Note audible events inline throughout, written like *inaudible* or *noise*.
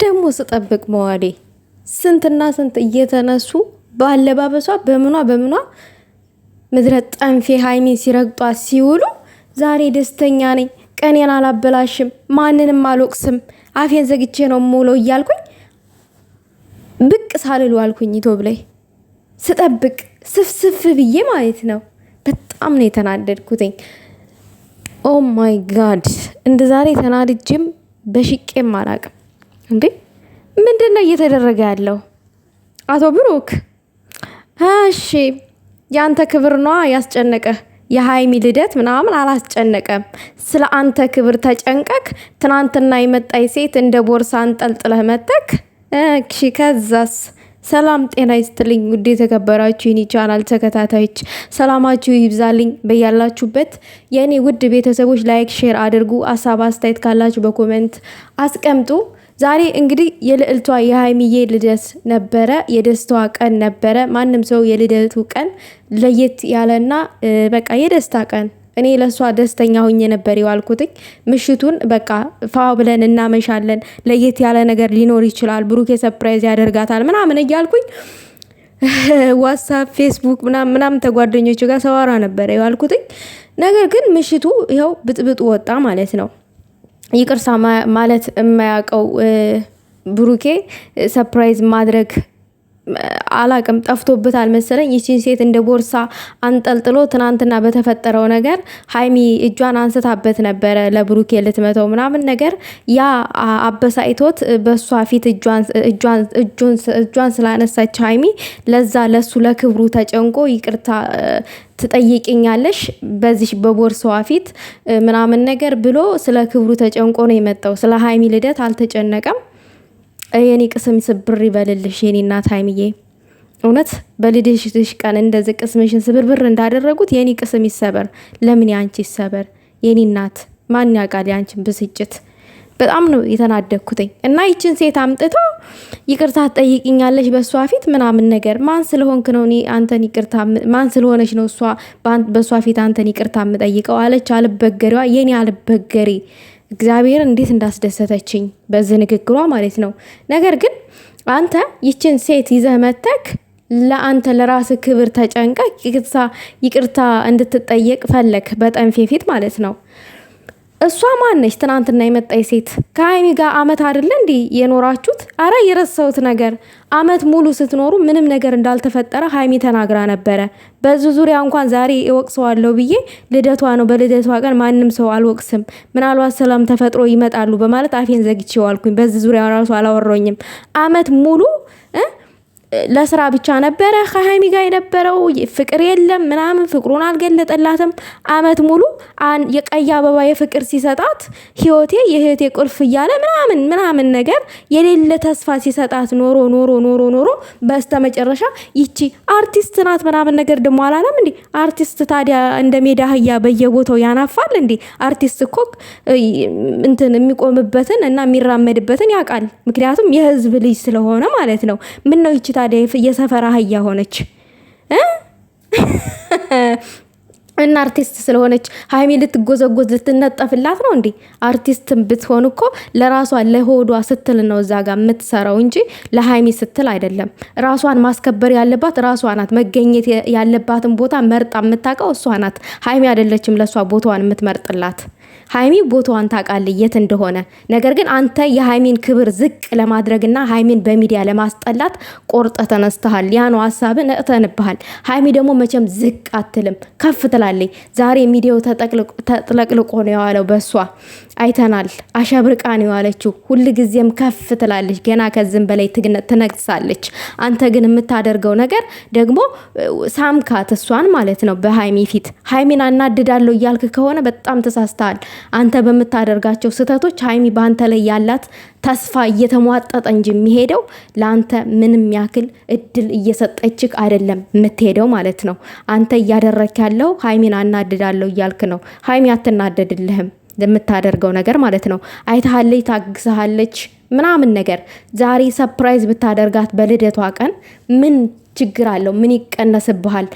ደግሞ ስጠብቅ መዋዴ ስንትና ስንት እየተነሱ በአለባበሷ በምኗ በምኗ ምድረ ጠንፌ ሀይሜ ሲረግጧ ሲውሉ ዛሬ ደስተኛ ነኝ፣ ቀኔን አላበላሽም፣ ማንንም አልወቅስም፣ አፌን ዘግቼ ነው የምውለው እያልኩኝ ብቅ ሳልሉ አልኩኝ። ኢትዮብ ላይ ስጠብቅ ስፍስፍ ብዬ ማለት ነው። በጣም ነው የተናደድኩትኝ። ኦ ማይ ጋድ እንደ ዛሬ ተናድጄም በሽቄም አላቅም። እንዴ ምንድን ነው እየተደረገ ያለው? አቶ ብሩክ እሺ፣ የአንተ ክብር ነዋ ያስጨነቀ የሀይሚ ልደት ምናምን አላስጨነቀም። ስለ አንተ ክብር ተጨንቀክ ትናንትና የመጣይ ሴት እንደ ቦርሳ አንጠልጥለህ መጠክ። እሺ ከዛስ? ሰላም ጤና ይስጥልኝ ውድ የተከበራችሁ ይህን ቻናል ተከታታዮች ሰላማችሁ ይብዛልኝ በያላችሁበት። የእኔ ውድ ቤተሰቦች ላይክ፣ ሼር አድርጉ። አሳብ አስተያየት ካላችሁ በኮሜንት አስቀምጡ። ዛሬ እንግዲህ የልዕልቷ የሀይሚዬ ልደት ነበረ፣ የደስታዋ ቀን ነበረ። ማንም ሰው የልደቱ ቀን ለየት ያለና በቃ የደስታ ቀን እኔ ለእሷ ደስተኛ ሆኜ ነበር የዋልኩትኝ። ምሽቱን በቃ ፋ ብለን እናመሻለን፣ ለየት ያለ ነገር ሊኖር ይችላል፣ ብሩኬ ሰፕራይዝ ያደርጋታል ምናምን እያልኩኝ *laughs* ዋትሳፕ፣ ፌስቡክ ምናምን ተጓደኞች ጋር ሰዋራ ነበረ የዋልኩትኝ። ነገር ግን ምሽቱ ይኸው ብጥብጡ ወጣ ማለት ነው። ይቅርሳ ማለት የማያውቀው ብሩኬ ሰፕራይዝ ማድረግ አላቅም ጠፍቶበታል መሰለኝ። ይችን ሴት እንደ ቦርሳ አንጠልጥሎ ትናንትና በተፈጠረው ነገር ሀይሚ እጇን አንስታበት ነበረ ለብሩኬ ልትመተው ምናምን ነገር ያ አበሳይቶት በእሷ ፊት እጇን ስላነሳች ሀይሚ ለዛ ለሱ ለክብሩ ተጨንቆ ይቅርታ ትጠይቅኛለሽ በዚህ በቦርሳዋ ፊት ምናምን ነገር ብሎ ስለ ክብሩ ተጨንቆ ነው የመጣው። ስለ ሀይሚ ልደት አልተጨነቀም። የኔ ቅስም ስብር ይበልልሽ የኔ እናት ሀይሚዬ። እውነት በልደትሽ ቀን እንደዚህ ቅስምሽን ስብርብር እንዳደረጉት የኔ ቅስም ይሰበር። ለምን ያንቺ ይሰበር የኔ እናት? ማን ያውቃል ያንቺን ብስጭት በጣም ነው የተናደኩትኝ። እና ይችን ሴት አምጥቶ ይቅርታ ትጠይቅኛለች በእሷ ፊት ምናምን ነገር ማን ስለሆንክ ነው አንተን ይቅርታ ማን ስለሆነች ነው እሷ በእሷ ፊት አንተን ይቅርታ የምጠይቀው አለች። አልበገሪዋ የኔ አልበገሬ እግዚአብሔር እንዴት እንዳስደሰተችኝ በዚህ ንግግሯ ማለት ነው። ነገር ግን አንተ ይችን ሴት ይዘህ መተክ ለአንተ ለራስ ክብር ተጨንቀ ይቅርታ እንድትጠየቅ ፈለክ በጠንፌ ፊት ማለት ነው። እሷ ማነች? ትናንትና የመጣች ሴት ከሀይሚ ጋር አመት አይደለ እንዴ የኖራችሁት? አረ የረሳሁት ነገር አመት ሙሉ ስትኖሩ ምንም ነገር እንዳልተፈጠረ ሀይሚ ተናግራ ነበረ። በዙ ዙሪያ እንኳን ዛሬ እወቅሰዋለሁ ብዬ ልደቷ ነው። በልደቷ ቀን ማንም ሰው አልወቅስም፣ ምናልባት ሰላም ተፈጥሮ ይመጣሉ በማለት አፌን ዘግቼዋልኩኝ። በዚ ዙሪያ ራሱ አላወረኝም አመት ሙሉ ለስራ ብቻ ነበረ ከሀይሚ ጋር የነበረው ፍቅር የለም ምናምን ፍቅሩን አልገለጠላትም። አመት ሙሉ የቀይ አበባ የፍቅር ሲሰጣት ህይወቴ የህይወቴ ቁልፍ እያለ ምናምን ምናምን ነገር የሌለ ተስፋ ሲሰጣት ኖሮ ኖሮ ኖሮ ኖሮ በስተ መጨረሻ ይቺ አርቲስት ናት ምናምን ነገር ደሞ አላለም እንዴ? አርቲስት ታዲያ እንደ ሜዳ አህያ በየቦታው ያናፋል እንዴ? አርቲስት እኮ እንትን የሚቆምበትን እና የሚራመድበትን ያውቃል። ምክንያቱም የህዝብ ልጅ ስለሆነ ማለት ነው። ምን ነው ይቺ ታዲያ የሰፈር አህያ ሆነች እና አርቲስት ስለሆነች ሀይሚ ልትጎዘጎዝ ልትነጠፍላት ነው እንዴ? አርቲስትን ብትሆን እኮ ለራሷ ለሆዷ ስትል ነው እዛ ጋር የምትሰራው እንጂ ለሀይሚ ስትል አይደለም። ራሷን ማስከበር ያለባት ራሷ ናት። መገኘት ያለባትን ቦታ መርጣ የምታውቀው እሷ ናት። ሀይሚ አይደለችም ለእሷ ቦታዋን የምትመርጥላት። ሀይሚ ቦታዋን ታውቃለህ የት እንደሆነ። ነገር ግን አንተ የሀይሚን ክብር ዝቅ ለማድረግና ሀይሚን በሚዲያ ለማስጠላት ቆርጠ ተነስተሃል። ያ ነው ሀሳብን እቅተንብሃል። ሀይሚ ደግሞ መቼም ዝቅ አትልም፣ ከፍ ትላለች። ዛሬ ሚዲያው ተጥለቅልቆ ነው የዋለው በሷ አይተናል። አሸብርቃን የዋለችው ሁል ጊዜም ከፍ ትላለች፣ ገና ከዚህም በላይ ትነግሳለች። አንተ ግን የምታደርገው ነገር ደግሞ ሳምካት፣ እሷን ማለት ነው በሀይሚ ፊት። ሀይሚን አናድዳለሁ እያልክ ከሆነ በጣም ተሳስተሃል። አንተ በምታደርጋቸው ስህተቶች ሀይሚ በአንተ ላይ ያላት ተስፋ እየተሟጠጠ እንጂ የሚሄደው ለአንተ ምንም ያክል እድል እየሰጠችክ አይደለም የምትሄደው ማለት ነው። አንተ እያደረክ ያለው ሀይሚን አናድዳለሁ እያልክ ነው። ሀይሚ አትናደድልህም። የምታደርገው ነገር ማለት ነው። አይታሃለች፣ ታግሰሃለች ምናምን ነገር ዛሬ ሰፕራይዝ ብታደርጋት በልደቷ ቀን ምን ችግር አለው? ምን ይቀነስብሃል?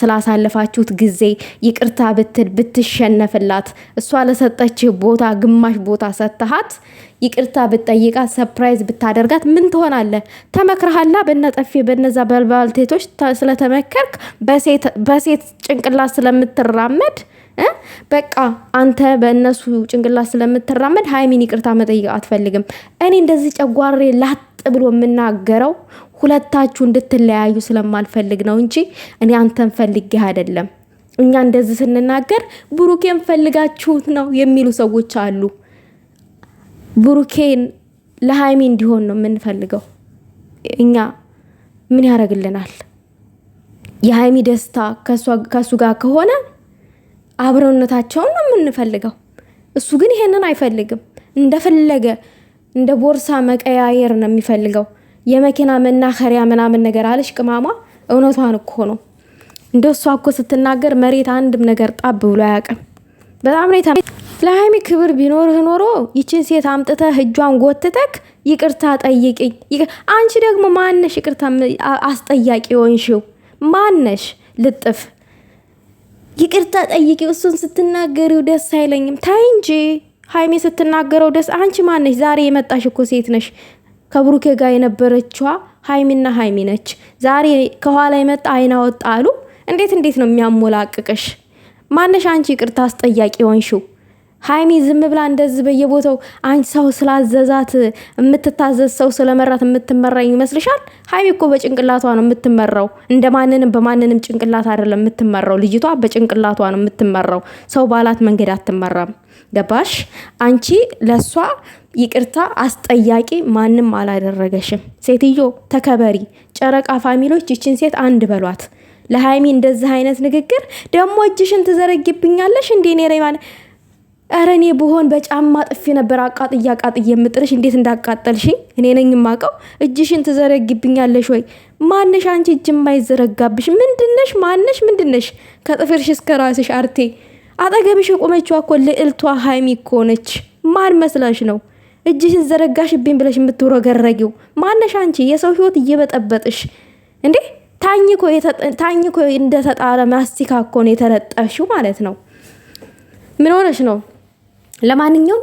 ስላሳለፋችሁት ጊዜ ይቅርታ ብትል ብትሸነፍላት፣ እሷ ለሰጠችህ ቦታ ግማሽ ቦታ ሰጥተሃት ይቅርታ ብትጠይቃት፣ ሰፕራይዝ ብታደርጋት ምን ትሆናለህ? ተመክረሃላ። በነጠፌ በነዛ በልባልቴቶች ስለተመከርክ በሴት ጭንቅላት ስለምትራመድ በቃ አንተ በእነሱ ጭንቅላት ስለምትራመድ ሀይሚን ይቅርታ መጠየቅ አትፈልግም። እኔ እንደዚህ ጨጓሬ ላጥ ብሎ የምናገረው ሁለታችሁ እንድትለያዩ ስለማልፈልግ ነው እንጂ እኔ አንተን ፈልጌ አይደለም። እኛ እንደዚህ ስንናገር ብሩኬን ፈልጋችሁት ነው የሚሉ ሰዎች አሉ። ብሩኬን ለሀይሚ እንዲሆን ነው የምንፈልገው። እኛ ምን ያደርግልናል? የሀይሚ ደስታ ከእሱ ጋር ከሆነ አብረውነታቸውን ነው የምንፈልገው። እሱ ግን ይሄንን አይፈልግም። እንደፈለገ እንደ ቦርሳ መቀያየር ነው የሚፈልገው። የመኪና መናኸሪያ ምናምን ነገር አለሽ ቅማማ። እውነቷን እኮ ነው። እንደ እሷ እኮ ስትናገር መሬት አንድም ነገር ጣብ ብሎ አያውቅም። በጣም ነው ለሀይሚ ክብር ቢኖርህ ኖሮ ይችን ሴት አምጥተህ እጇን ጎትተክ ይቅርታ ጠይቅኝ። አንቺ ደግሞ ማነሽ? ይቅርታ አስጠያቂ ሆንሽው ማነሽ? ልጥፍ ይቅርታ ጠይቂ እሱን ስትናገሪው ደስ አይለኝም። ታይ እንጂ ሀይሜ ስትናገረው ደስ አንቺ ማነሽ? ዛሬ የመጣሽ እኮ ሴት ነሽ። ከብሩኬ ጋር የነበረችዋ ሀይሚና ሀይሚ ነች። ዛሬ ከኋላ የመጣ አይና ወጣ አሉ። እንዴት እንዴት ነው የሚያሞላቅቅሽ? ማነሽ አንቺ? ይቅርታ አስጠያቂ ሆንሽው። ሀይሚ ዝም ብላ እንደዚህ በየቦታው አንቺ ሰው ስላዘዛት የምትታዘዝ ሰው ስለመራት የምትመራ ይመስልሻል? ሀይሚ እኮ በጭንቅላቷ ነው የምትመራው። እንደ ማንንም በማንንም ጭንቅላት አይደለም የምትመራው። ልጅቷ በጭንቅላቷ ነው የምትመራው። ሰው ባላት መንገድ አትመራም። ገባሽ? አንቺ ለእሷ ይቅርታ አስጠያቂ ማንም አላደረገሽም። ሴትዮ ተከበሪ። ጨረቃ ፋሚሎች ይችን ሴት አንድ በሏት። ለሀይሚ እንደዚህ አይነት ንግግር ደግሞ እጅሽን ትዘረግብኛለሽ እንዴ? ኧረ እኔ ብሆን በጫማ ጥፌ ነበር አቃጥዬ አቃጥዬ የምጥልሽ። እንዴት እንዳቃጠልሽኝ እኔ ነኝ የማውቀው። እጅሽን ትዘረግብኛለሽ ወይ? ማነሽ አንቺ እጅ የማይዘረጋብሽ? ምንድነሽ? ማነሽ? ምንድነሽ? ከጥፍርሽ እስከ ራስሽ አርቴ። አጠገብሽ የቆመችዋ እኮ ልዕልቷ ሀይሚ እኮ ነች። ማን መስላሽ ነው እጅሽን ዘረጋሽብኝ ብለሽ የምትውረገረጊው? ማነሽ አንቺ? የሰው ህይወት እየበጠበጥሽ እንዴ! ታኝኮ እንደተጣለ ማስቲካ እኮ ነው የተለጠፍሽው ማለት ነው። ምን ሆነሽ ነው? ለማንኛውም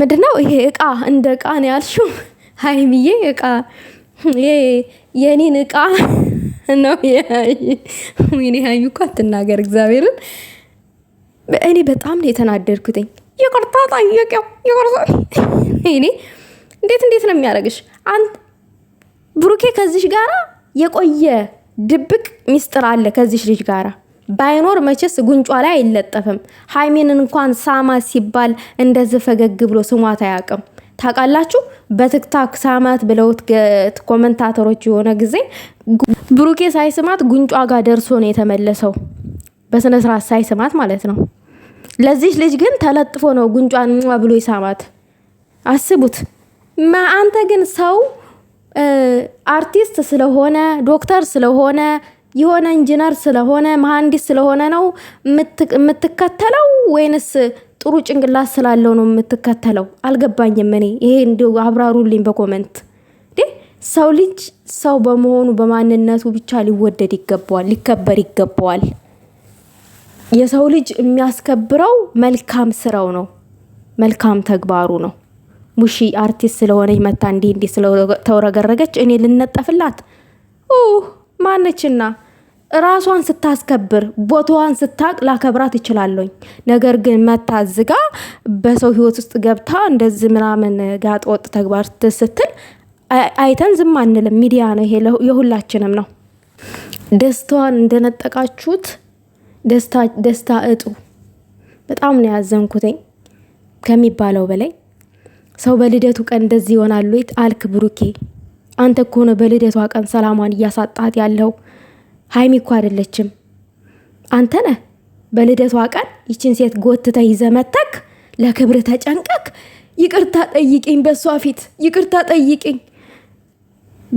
ምንድን ነው ይሄ እቃ እንደ እቃ ነው ያልሽው ሀይሚዬ እቃ የኔን እቃ ነው ወይኔ ሀዩ እኮ አትናገር እግዚአብሔርን እኔ በጣም ነው የተናደድኩትኝ ይቅርታ ጠየቀው ይቅርታ እኔ እንዴት እንዴት ነው የሚያደርግሽ አንድ ብሩኬ ከዚሽ ጋራ የቆየ ድብቅ ሚስጥር አለ ከዚሽ ልጅ ጋራ ባይኖር መቼስ ጉንጯ ላይ አይለጠፍም። ሀይሜንን እንኳን ሳማት ሲባል እንደዚህ ፈገግ ብሎ ስሟት አያውቅም። ታውቃላችሁ፣ በትክታክ ሳማት ብለውት ኮመንታተሮች የሆነ ጊዜ ብሩኬ ሳይስማት ጉንጯ ጋር ደርሶ ነው የተመለሰው። በስነ ስርዓት ሳይስማት ማለት ነው። ለዚህ ልጅ ግን ተለጥፎ ነው ጉንጯን ብሎ ይሳማት። አስቡት። አንተ ግን ሰው አርቲስት ስለሆነ ዶክተር ስለሆነ የሆነ ኢንጂነር ስለሆነ መሐንዲስ ስለሆነ ነው የምትከተለው ወይንስ ጥሩ ጭንቅላት ስላለው ነው የምትከተለው? አልገባኝም። እኔ ይሄ እንዲ አብራሩልኝ በኮመንት። ሰው ልጅ ሰው በመሆኑ በማንነቱ ብቻ ሊወደድ ይገባዋል፣ ሊከበር ይገባዋል። የሰው ልጅ የሚያስከብረው መልካም ስራው ነው፣ መልካም ተግባሩ ነው። ሙሺ አርቲስት ስለሆነች መታ እንዲህ እንዲህ ስለተወረገረገች እኔ ልነጠፍላት ማነችና ራሷን ስታስከብር ቦታዋን ስታቅ ላከብራት ይችላለኝ። ነገር ግን መታዝጋ በሰው ህይወት ውስጥ ገብታ እንደዚህ ምናምን ጋጥ ወጥ ተግባር ስትል አይተን ዝም አንልም። ሚዲያ ነው ይሄ፣ የሁላችንም ነው። ደስታዋን እንደነጠቃችሁት ደስታ እጡ። በጣም ነው ያዘንኩትኝ ከሚባለው በላይ። ሰው በልደቱ ቀን እንደዚህ ይሆናሉ አልክ ብሩኬ። አንተ ከሆነ በልደቷ ቀን ሰላሟን እያሳጣት ያለው። ሀይሚ እኮ አይደለችም አንተ ነህ። በልደቷ ቀን ይችን ሴት ጎትተ ይዘ ይዘመተክ ለክብር ተጨንቀክ ይቅርታ ጠይቅኝ፣ በእሷ ፊት ይቅርታ ጠይቅኝ።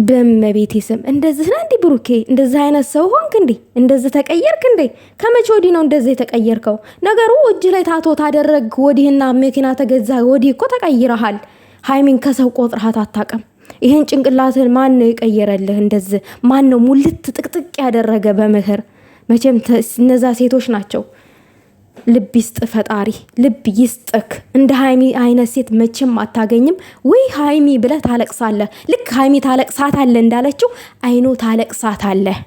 በመቤቴ ስም እንደዚህ ና እንዲ ብሩኬ፣ እንደዚህ አይነት ሰው ሆንክ እንዴ? እንደዚህ ተቀየርክ እንዴ? ከመቼ ወዲህ ነው እንደዚህ የተቀየርከው? ነገሩ እጅ ላይ ታቶ ታደረግ ወዲህና መኪና ተገዛ ወዲህ እኮ ተቀይረሃል። ሀይሚን ከሰው ቆጥረሃት አታውቅም። ይህን ጭንቅላትህን ማን ነው የቀየረልህ? እንደዚህ ማን ነው ሙልት ጥቅጥቅ ያደረገ በምክር? መቼም እነዛ ሴቶች ናቸው። ልብ ይስጥ ፈጣሪ፣ ልብ ይስጥክ። እንደ ሀይሚ አይነት ሴት መቼም አታገኝም። ወይ ሀይሚ ብለህ ታለቅሳለህ። ልክ ሀይሚ ታለቅሳት አለ እንዳለችው አይኖ ታለቅሳት አለህ።